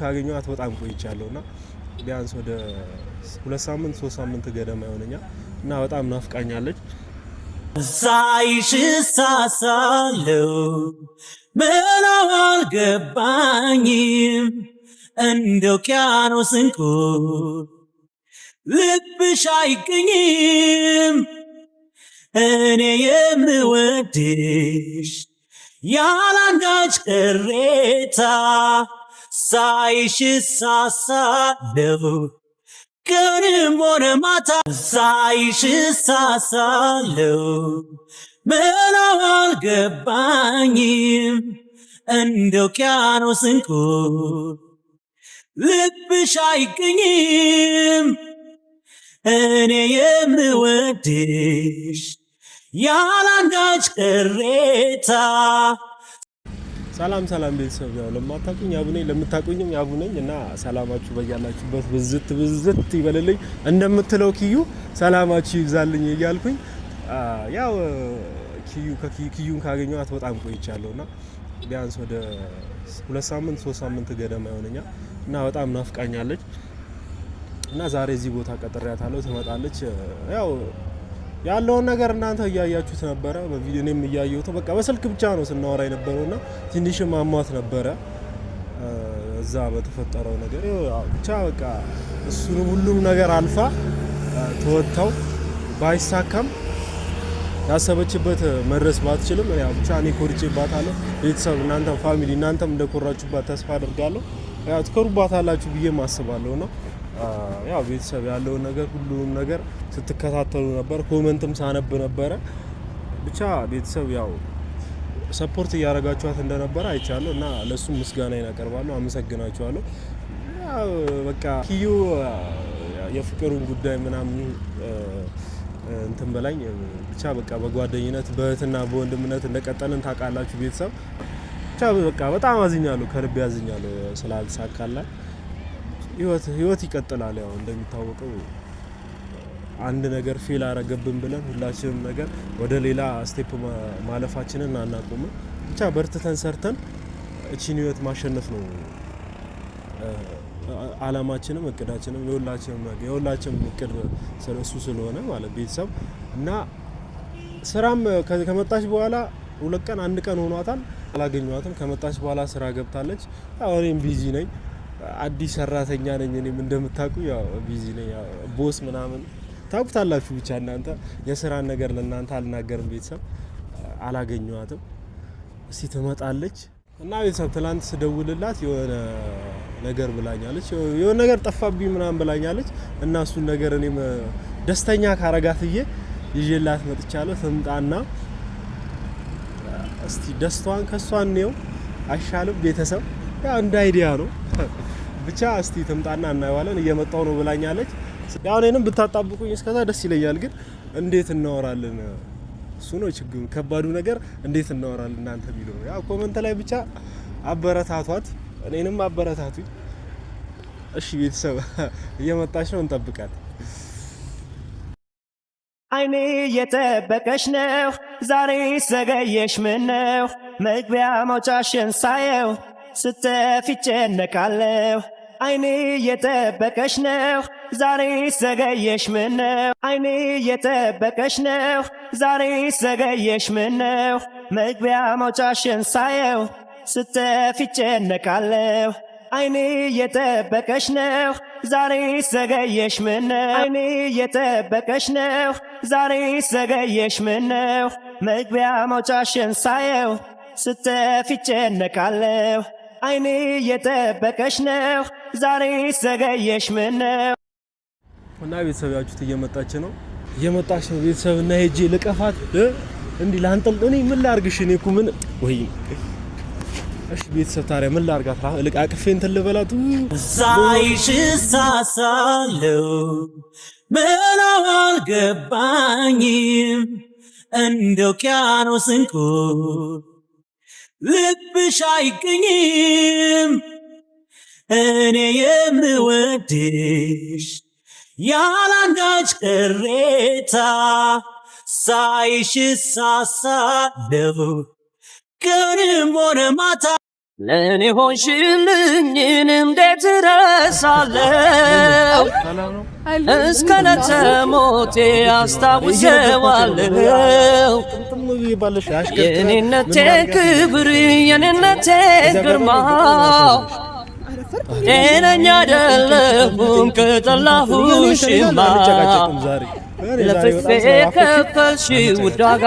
ካገኘኋት በጣም ቆይቻለሁ እና ቢያንስ ወደ ሁለት ሳምንት ሶስት ሳምንት ገደማ ይሆነኛል እና በጣም ናፍቃኛለች። ሳይሽ ሳሳለው ምን አልገባኝም እንደ ውቅያኖስ እንቁ ልብሽ አይገኝም እኔ የምወድሽ ያላንዳች ቅሬታ Sayışı sasalım. Gönlüm orama da sayışı sasalım. Ben አልገባኝም እንደ ውቅያኖስ እንቁ ልብሽ አይገኝም እኔ የምወድሽ ያላንዳች ቅሬታ ሰላም ሰላም ቤተሰብ፣ ያው ለማታቁኝ ያቡ ለምታቁኝም ለምታውቁኝም እና ሰላማችሁ በያላችሁበት ብዝት ብዝት ይበልልኝ እንደምትለው ኪዩ ሰላማችሁ ይብዛልኝ እያልኩኝ ያው ኪዩ ኪዩን ካገኘኋት በጣም ቆይቻለሁና ቢያንስ ወደ ሁለት ሳምንት ሶስት ሳምንት ገደማ ይሆነኛል እና በጣም ናፍቃኛለች እና ዛሬ እዚህ ቦታ ቀጥሬያታለሁ፣ ትመጣለች ያው ያለውን ነገር እናንተ እያያችሁት ነበረ፣ በቪዲዮ እኔም እያየሁት በቃ በስልክ ብቻ ነው ስናወራ የነበረውና ትንሽ ማሟት ነበረ እዛ በተፈጠረው ነገር ብቻ በቃ እሱን ሁሉም ነገር አልፋ ተወጥተው ባይሳካም ያሰበችበት መድረስ ባትችልም ያው ብቻ እኔ ኮርቼባታለሁ። ቤተሰብ እናንተም ፋሚሊ እናንተም እንደኮራችሁባት ተስፋ አድርጋለሁ። ያው ትኮሩባታላችሁ ብዬ ማስባለሁ ነው። ያው ቤተሰብ ያለውን ነገር ሁሉንም ነገር ስትከታተሉ ነበር፣ ኮመንትም ሳነብ ነበረ። ብቻ ቤተሰብ ያው ሰፖርት እያደረጋችኋት እንደነበረ አይቻለሁ እና ለእሱም ምስጋናዬን አቀርባለሁ። አመሰግናችኋለሁ። በቃ ኪዩ የፍቅሩን ጉዳይ ምናምን እንትን በላኝ ብቻ በቃ በጓደኝነት በእህትና በወንድምነት እንደቀጠልን ታውቃላችሁ ቤተሰብ ብቻ በቃ በጣም አዝኛለሁ፣ ከልብ ያዝኛለሁ ስላልሳካላ ህይወት ይቀጥላል። ያው እንደሚታወቀው አንድ ነገር ፌል አረገብን ብለን ሁላችንም ነገር ወደ ሌላ ስቴፕ ማለፋችንን አናቆምም። ብቻ በርትተን ሰርተን እቺን ህይወት ማሸነፍ ነው አላማችንም እቅዳችንም የሁላችንም የሁላችንም እቅድ እሱ ስለሆነ ማለት ቤተሰብ እና ስራም ከመጣች በኋላ ሁለት ቀን አንድ ቀን ሆኗታል። አላገኘኋትም። ከመጣች በኋላ ስራ ገብታለች። አሁን ቢዚ ነኝ። አዲስ ሰራተኛ ነኝ። እኔም እንደምታውቁ ያው ቢዚ ነኝ። ቦስ ምናምን ታውቁታላችሁ። ብቻ እናንተ የስራን ነገር ለእናንተ አልናገርም። ቤተሰብ አላገኘዋትም። እስቲ ትመጣለች እና ቤተሰብ ትላንት ስደውልላት የሆነ ነገር ብላኛለች፣ የሆነ ነገር ጠፋብኝ ምናምን ብላኛለች። እና እሱን ነገር እኔም ደስተኛ ካረጋት ብዬ ይዤላት መጥቻለሁ። ትምጣና እስቲ ደስቷን ከሷን ነው አይሻልም ቤተሰብ ያው እንደ አይዲያ ነው ብቻ። እስቲ ትምጣና እናየዋለን። እየመጣው ነው ብላኛለች። ያው እኔንም ብታጣብቁኝ እስከዛ ደስ ይለኛል። ግን እንዴት እናወራለን? እሱ ነው ችግሩ። ከባዱ ነገር እንዴት እናወራለን እናንተ ነው። ያው ኮመንት ላይ ብቻ አበረታቷት፣ እኔንም አበረታቱኝ። እሺ ቤተሰብ እየመጣች ነው፣ እንጠብቃት። አይኔ እየጠበቀች ነው። ዛሬ ዘገየሽ፣ ምን ነው መግቢያ መውጫሽን ሳየው ስተፊ ጨነቃለሁ አይኔ የጠበቀሽ ነው ዛሬ ዘገየሽ ምነው አይኔ የጠበቀሽ ነው ዛሬ ዘገየሽ ምነው መግቢያ መውጫሽን ሳየው ስተፊ ጨነቃለሁ አይኔ የጠበቀሽ ነው ዛሬ ዘገየሽ ምነው አይኔ የጠበቀሽ ነው ዛሬ ዘገየሽ ምነው መግቢያ መውጫሽን ሳየው ስተፊ ጨነቃለሁ አይኔ እየጠበቀሽ ነው። ዛሬ ሰገየሽ ምነው? እና ቤተሰብ ያችሁት እየመጣች ነው እየመጣች ነው ቤተሰብ እና ሄጄ ልቀፋት እንዲህ ላንጠል እኔ ምን ላርግሽ? እኔ እኮ ምን ወይ እሺ ቤተሰብ ታዲያ ምን ላርጋት? አቅፌ እንትን ልበላት ዛይሽ ሳሳለው ምን አልገባኝም እንደ ውቅያኖስ ስንኩ ልብሽ አይገኝም እኔ የምወድሽ ያላንዳች ቅሬታ ሳይሽ ሳሳለው ቀንም ሆነ ማታ ለእኔ ሆንሽልኝ እንዴት ረሳለው እስከ ዕለተ ሞቴ አስታውሰዋለው። የኔነቴ ክብር የኔነቴ ግርማ ጤነኛ አይደለሁም ከጠላሁሽማ ለፍፌ ከፈልሽ ውድ ዋጋ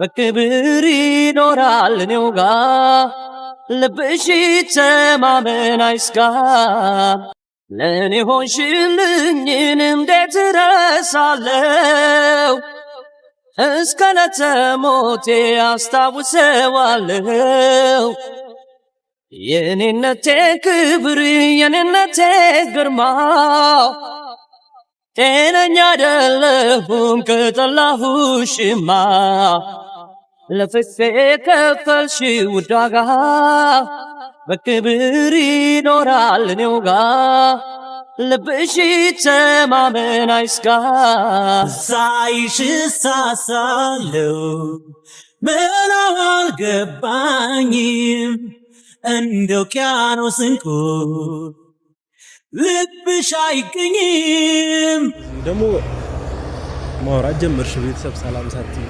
በክብር ይኖራል እኔው ጋ ልብሽ ተማመን አይስጋ ለእኔ ሆንሽልኝን እንዴት ረሳለው እስከ ለተሞቴ አስታውሰዋለው የኔነቴ ክብር የኔነቴ ግርማ ጤነኛ አይደለሁም ከጠላሁሽማ ለፍፌ ከፈልሽው ውድ ዋጋ በክብር ይኖራል እኔው ጋ ልብሽ ተማመን አይስጋ ሳይሽ ሳሳለው ምነው አልገባኝም እንደ ውቅያኖስ እንቁ ልብሽ አይገኝም ደግሞ ማውራት ጀመርሽ ቤተሰብ ሰላም ሳትይ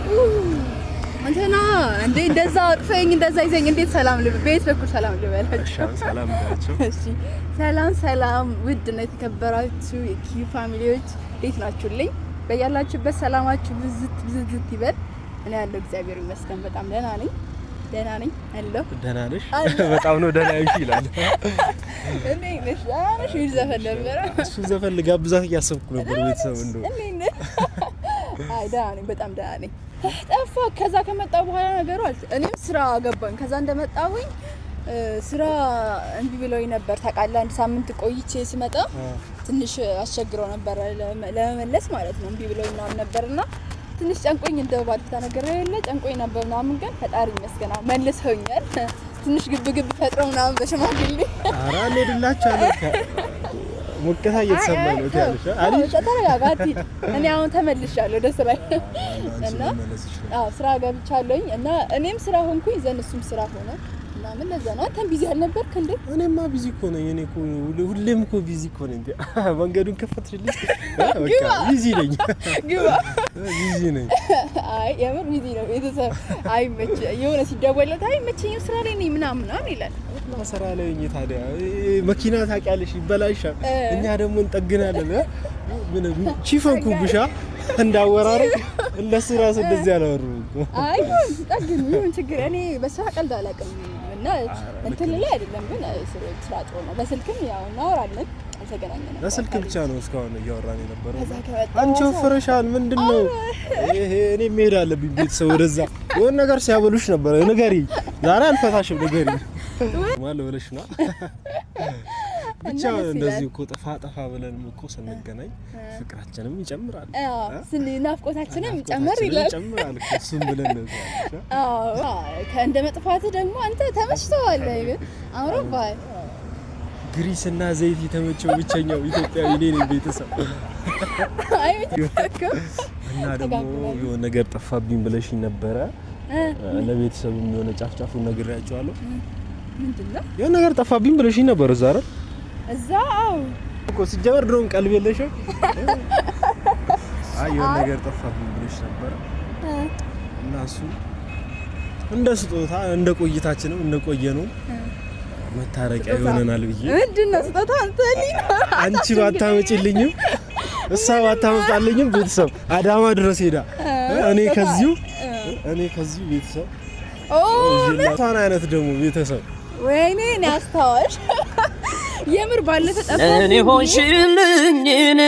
እንትና እንዴ እንደዛ አቅፈኝ እንደዛ ይዘኝ እንዴት ሰላም ልብ ቤት በኩል ሰላም ልበላችሁ። ሰላም ሰላም ውድ ነው የተከበራችሁ የኪ ፋሚሊዎች እንዴት ናችሁልኝ? በያላችሁበት ሰላማችሁ ብዝት ብዝት ይበል። እኔ ያለው እግዚአብሔር ይመስገን በጣም ደህና ነኝ። ደህና ነኝ አለው። ደህና ነሽ? በጣም ነው ደህና ነሽ ይላል። እንዴት ነሽ? ዘፈን ነበረ እሱ ዘፈን ልጋብዛት እያሰብኩ ነበር ቤተሰብ እንደው አይ ደህና ነኝ፣ በጣም ደህና ነኝ። ጠፋ። ከዛ ከመጣ በኋላ ነገሩ እኔም ስራ ገባኝ። ከዛ እንደመጣሁኝ ስራ እንቢ ብለውኝ ነበር ታውቃለህ። አንድ ሳምንት ቆይቼ ስመጣ ትንሽ አስቸግሮ ነበር ለመመለስ ማለት ነው። እንቢ ብለውኝ ምናምን ነበርና ትንሽ ጨንቆኝ እንደ ባልታ ነገር የለ ጨንቆኝ ነበር ምናምን፣ ግን ፈጣሪ ይመስገን መልሰውኛል። ትንሽ ግብ ግብ ፈጥረው ምናምን በሽማግሌ ኧረ እልሄድላችኋለሁ ሙቀታ እየተሰማኝ ነው ትያለሽ። አሪፍ ተረጋጋቲ። እኔ አሁን ተመልሻለሁ ወደ ስራ እና አዎ ስራ ገብቻለሁኝ እና እኔም ስራ ሆንኩኝ ዘን እሱም ስራ ሆነ እና ለዛ ነው። አንተም ቢዚ አልነበርክ እንዴ? እኔማ ቢዚ እኮ ነኝ። እኔ እኮ ሁሌም እኮ ቢዚ እኮ ነኝ። መንገዱን ከፈትሽልኝ። በቃ ቢዚ ነኝ። ግባ ቢዚ ነኝ። አይ የምር ቢዚ ነው። ቤተሰብ አይመች የሆነ ሲደወለት አይመችኝም ስራ ላይ ነኝ ምናምን ምናምን ይላል እና ስራ ላይ እኔ ታዲያ መኪና ታውቂያለሽ፣ ይበላሻል። እኛ ደግሞ እንጠግናለን። ምን ቺፈንኩ ብሻ እንዳወራረ እነሱ ራሱ እንደዚህ ያላወሩ። አይ ጠግን ይሁን ችግር እኔ በስራ ቀልድ አላውቅም እና እንትን ላይ አይደለም ግን ስራ ጥሩ ነው። በስልክም ያው እናወራለን አልተገናኘንም። በስልክ ብቻ ነው እስካሁን እያወራን የነበረው። አንቺ ምንድን ነው ይሄ? እኔ መሄድ አለብኝ ቤተሰብ ወደዛ። የሆነ ነገር ሲያበሉሽ ነበረ። ንገሪ ዛሬ አልፈታሽም፣ ንገሪ ማለ ብለሽ ነው ብቻ እንደዚህ እኮ ጠፋ ጠፋ ብለን እኮ ስንገናኝ ፍቅራችንም ይጨምራል፣ ናፍቆታችንም ይጨምር ይላል። እሱም ብለን ከእንደ መጥፋት ደግሞ አንተ ተመችተዋል፣ አምሮብሃል። ግሪስ እና ዘይት የተመቸው ብቸኛው ኢትዮጵያዊ እኔ ነኝ። ቤተሰብ እና ደግሞ የሆነ ነገር ጠፋብኝ ብለሽኝ ነበረ። ለቤተሰብ የሆነ ጫፍጫፉን ነግሬያቸዋለሁ። ምንድነው? የሆነ ነገር ጠፋብኝ ብለሽ ነበር እዛ አይደል? እዛ አው እኮ ሲጀመር ድሮን ቀልብ የለሽ። አይ የሆነ ነገር ጠፋብኝ ብለሽ ነበር እና እሱ እንደ ስጦታ እንደ ቆይታችንም እንደ ቆየ ነው መታረቂያ ይሆነናል ብዬ ምንድነው ስጦታ አንቺ ባታመጪልኝም እሷ ባታመጣልኝም ቤተሰብ አዳማ ድረስ ሄዳ እኔ ከዚሁ እኔ ከዚሁ ቤተሰብ ኦ አይነት ደግሞ ቤተሰብ ወይኔ አስታዋሽ የምር ባለፈ ጠፋ እኔ ሆንሽልኝ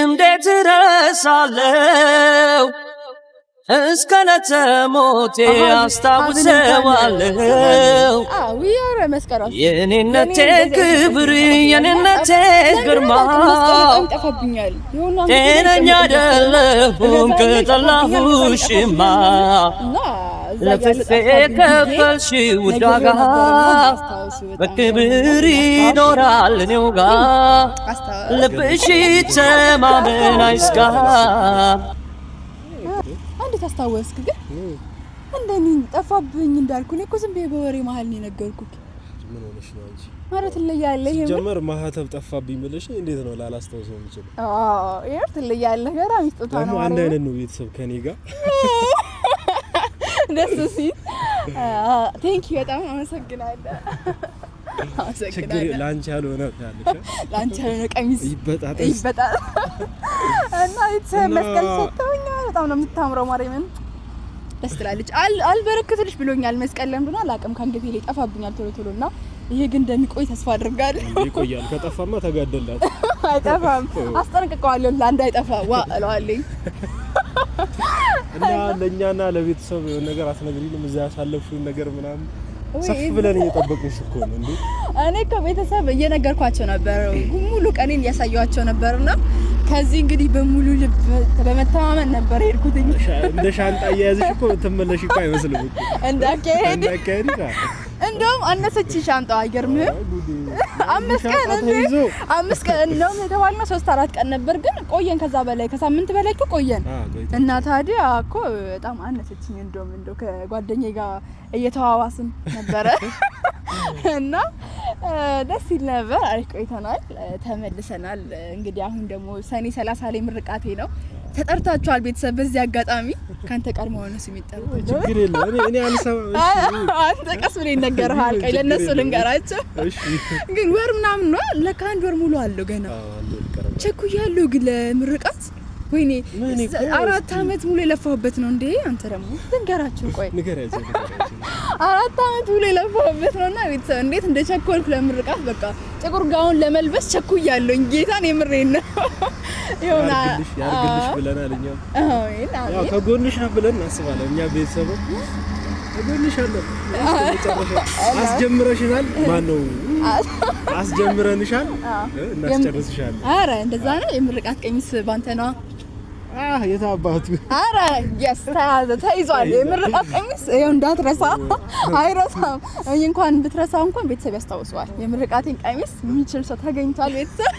እንዴት ረሳለው እስከ ለተሞቴ አስታውሰዋለው የኔነቴ ክብር የኔነቴ ግርማ ጤነኛ አይደለሁም ከጠላሁሽማ ለፍፌ የከፈልሽው ዋጋ በክብር ይኖራል እኔው ጋ ልብሽ ተማመን አይስጋ። እንዴት አስታወስክ ግን? እንደኔ ጠፋብኝ እንዳልኩ እኔ እኮ ዝም ብዬ በወሬ መሀል ነው የነገርኩህ። ምን ሆነሽ ነው አንቺ? ማለት ትለያለህ። ጀመር ማህተብ ጠፋብኝ ብለሽ እንዴት ነው ላላስታውሰው የምችለው? አዎ ይሄ ትለያለህ። ገና ሚስጥታ ነው። አንድ አይነት ነው ቤተሰብ ከኔ ጋር ደስ ሲል ቴንኪ በጣም አመሰግናለሁ። ችግር ለአንቺ ያልሆነ ለአንቺ ያልሆነ ቀሚስ ይበጣል እና መስቀል ሰጥተውኛል። በጣም ነው የምታምረው ማርያምን ደስ ትላለች። አልበረክትልሽ ብሎኛል። መስቀል ለምንድን ነው አላውቅም። ከአንገቴ ላይ ይጠፋብኛል ቶሎ ቶሎ እና ይሄ ግን እንደሚቆይ ተስፋ አድርጋለሁ። ይቆያል። ከጠፋማ ተጋደላት አይጠፋም። አስጠንቅቀዋለሁ። ለአንድ አይጠፋ ዋ እለዋለኝ እና ለእኛና ለቤተሰብ የሆነ ነገር አትነግሪንም? እዛ ያሳለፍሽውን ነገር ምናምን ሰፍ ብለን እየጠበቅሽ እኮ ነው እንዴ? እኔ ከቤተሰብ እየነገርኳቸው ነበር፣ ሙሉ ቀኔን እያሳየኋቸው ነበርና ከዚህ እንግዲህ በሙሉ ልብ በመተማመን ነበር የሄድኩትኝ። እንደ ሻንጣ እየያዘሽ እኮ ትመለሽ እኮ አይመስልም እኮ እንዳካሄድ። እንደውም አነሰች ሻንጣ፣ አይገርምህም? አምስት ቀን እንዴ አምስት ቀን ነው የተባልነው። ሶስት አራት ቀን ነበር ግን ቆየን። ከዛ በላይ ከሳምንት በላይ እኮ ቆየን። እና ታዲያ እኮ በጣም አነሰችኝ። እንደውም እንደው ከጓደኛዬ ጋር እየተዋዋስን ነበረ እና ደስ ይል ነበር። አሪፍ ቆይተናል፣ ተመልሰናል። እንግዲህ አሁን ደግሞ ሰኔ ሰላሳ ላይ ምርቃቴ ነው ተጠርታችኋል ቤተሰብ። በዚህ አጋጣሚ ከአንተ ቀድሞ ሆነ ስም ይጠራል። ችግር የለም እኔ አልሰማም። አንተ ቀስ ብለህ ይነገርሃል። ቀይ ለእነሱ ልንገራቸው ግን ወር ምናምን ነው ለካ አንድ ወር ሙሉ አለው ገና ቸኩያለሁ ግን ለምርቃት ወይኔ አራት አመት ሙሉ የለፋሁበት ነው እንዴ! አንተ ደግሞ ልንገራችሁ፣ ቆይ አራት አመት ሙሉ የለፋሁበት ነው እና ቤተሰብ እንዴት እንደ ቸኮልኩ ለምርቃት በቃ ጥቁር ጋውን ለመልበስ ቸኩያለሁኝ። ጌታን የምሬን ነው። ይሁን ያርግልሽ ብለናል። እኛ ያው ከጎንሽ ነው ብለን እናስባለን። እኛ ቤተሰቦች ከጎንሽ አለ። አስጀምረሽናል። ማን ነው አስጀምረንሻል፣ እናስጨርስሻለን። አረ እንደዛ ነው። የምርቃት ቀሚስ ባንተ ነዋ አህ የታባቱ አረ የስ ተይዟል። የምርቃ ቀሚስ ይኸው እንዳትረሳ አይረሳም። እንኳን ብትረሳው እንኳን ቤተሰብ ያስታውሰዋል። የምርቃቴን ቀሚስ የሚችል ሰው ተገኝቷል ቤተሰብ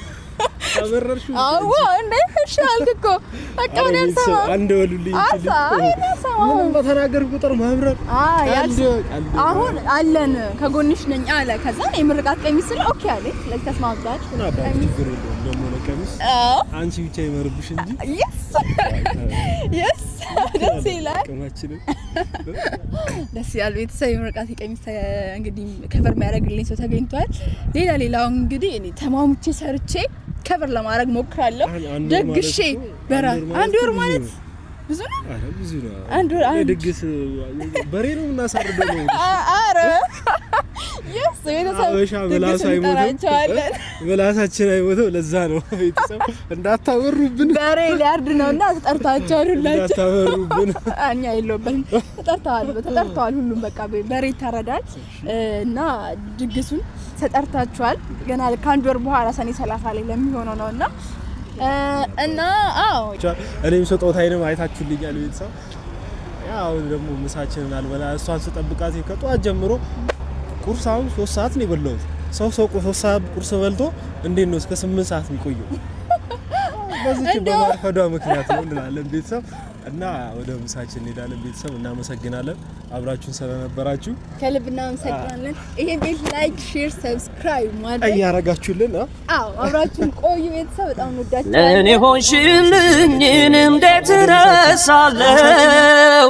በተናገር ቁጥር ማብረር አሁን አለን ከጎንሽ ነኝ አለ። ከዛ የምርቃት ቀሚስ ስለ ኦኬ አለ። ስለዚህ ተስማምታች አንቺ ብቻ ይመርብሽ እንጂ ደስ ይላል። ደስ ይላል። ቤተሰብ የምርቃት ቀሚስ እንግዲህ ከበር የሚያደርግልኝ ሰው ተገኝቷል። ሌላ ሌላው እንግዲህ ተማሙቼ ሰርቼ ከበር ለማድረግ ሞክራለሁ ደግሼ በራ አንድ ወር ማለት ብዙ ነው። አረ ብዙ ነው። አንድ አንድ ድግስ በሬ ነው እናሳርደው ነው። አረ የስ ቤተሰብ አበሻ ምላሱ አይሞትም፣ ምላሳችን አይሞትም። ለዛ ነው ቤተሰብ በሬ ሊያርድ እኛ ተጠርተዋል፣ ተጠርተዋል። ሁሉም በቃ በሬ ይታረዳል እና ድግሱን ተጠርታችኋል። ገና ከአንድ ወር በኋላ ሰኔ ሰላሳ ላይ ለሚሆነው እና አዎ እኔም ስጦታ አይንም አይታችሁልኛል ቤተሰብ። አሁን ደግሞ ምሳችንን አልበላ እሷን ስጠብቃት ከጠዋት ጀምሮ ቁርስ አሁን ሶስት ሰዓት ነው የበላሁት። ሰው ሰው ሶስት ሰዓት ቁርስ በልቶ እንዴት ነው እስከ ስምንት ሰዓት የሚቆየው? በዚች በማርፈዷ ምክንያት ነው እንላለን ቤተሰብ። እና ወደ ምሳችን እንሄዳለን ቤተሰብ። እናመሰግናለን። አብራችሁን ስለነበራችሁ ከልብ እናመሰግናለን። ይሄ ቤት ላይክ፣ ሼር፣ ሰብስክራይብ ማድረግ እያረጋችሁልን፣ አዎ አብራችሁን ቆዩ። ቤተሰብ በጣም እንወዳችኋለን። እኔ ሆንሽልኝ እንዴት እረሳለሁ?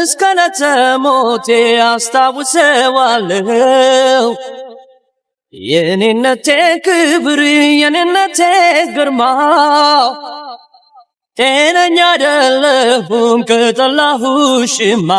እስከ ዕለተ ሞቴ አስታውሰዋለሁ። የኔነቴ ክብር የኔነቴ ግርማ ጤነኛ አይደለሁም ከጠላሁሽማ